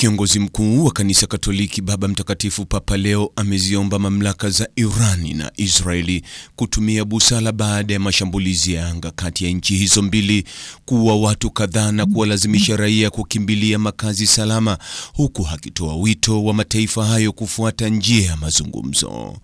Kiongozi mkuu wa kanisa Katoliki Baba Mtakatifu Papa Leo ameziomba mamlaka za Irani na Israeli kutumia busara baada ya mashambulizi ya anga kati ya nchi hizo mbili kuua watu kadhaa na kuwalazimisha raia kukimbilia makazi salama, huku akitoa wito wa mataifa hayo kufuata njia ya mazungumzo.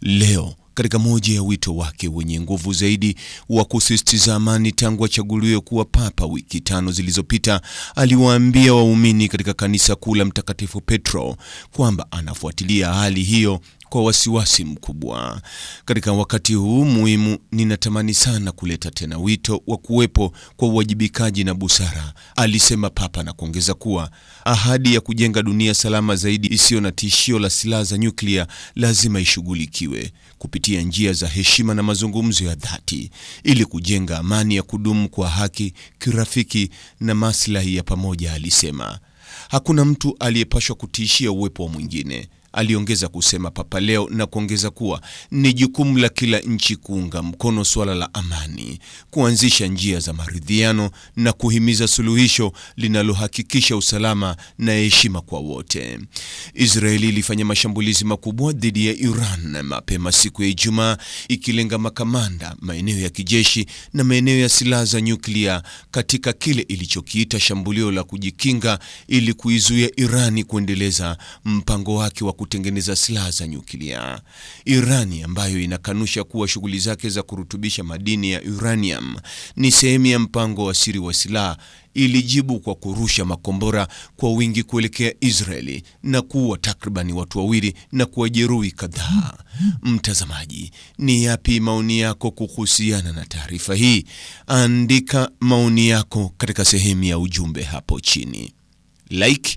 Leo katika moja ya wito wake wenye nguvu zaidi wa kusisitiza amani tangu achaguliwe kuwa papa wiki tano zilizopita, aliwaambia waumini katika kanisa kuu la Mtakatifu Petro kwamba anafuatilia hali hiyo kwa wasiwasi mkubwa. Katika wakati huu muhimu, ninatamani sana kuleta tena wito wa kuwepo kwa uwajibikaji na busara, alisema Papa na kuongeza kuwa ahadi ya kujenga dunia salama zaidi isiyo na tishio la silaha za nyuklia lazima ishughulikiwe kupitia njia za heshima na mazungumzo ya dhati ili kujenga amani ya kudumu kwa haki, kirafiki na maslahi ya pamoja, alisema. Hakuna mtu aliyepashwa kutishia uwepo wa mwingine. Aliongeza kusema Papa Leo na kuongeza kuwa ni jukumu la kila nchi kuunga mkono suala la amani, kuanzisha njia za maridhiano na kuhimiza suluhisho linalohakikisha usalama na heshima kwa wote. Israeli ilifanya mashambulizi makubwa dhidi ya Iran mapema siku ya Ijumaa, ikilenga makamanda, maeneo ya kijeshi na maeneo ya silaha za nyuklia katika kile ilichokiita shambulio la kujikinga ili kuizuia Irani kuendeleza mpango wake wa kutengeneza silaha za nyuklia. Irani ambayo inakanusha kuwa shughuli zake za kurutubisha madini ya uranium ni sehemu ya mpango wa siri wa silaha ilijibu kwa kurusha makombora kwa wingi kuelekea Israeli na kuua takribani watu wawili na kuwajeruhi kadhaa. Mtazamaji, ni yapi maoni yako kuhusiana na taarifa hii? Andika maoni yako katika sehemu ya ujumbe hapo chini. Like,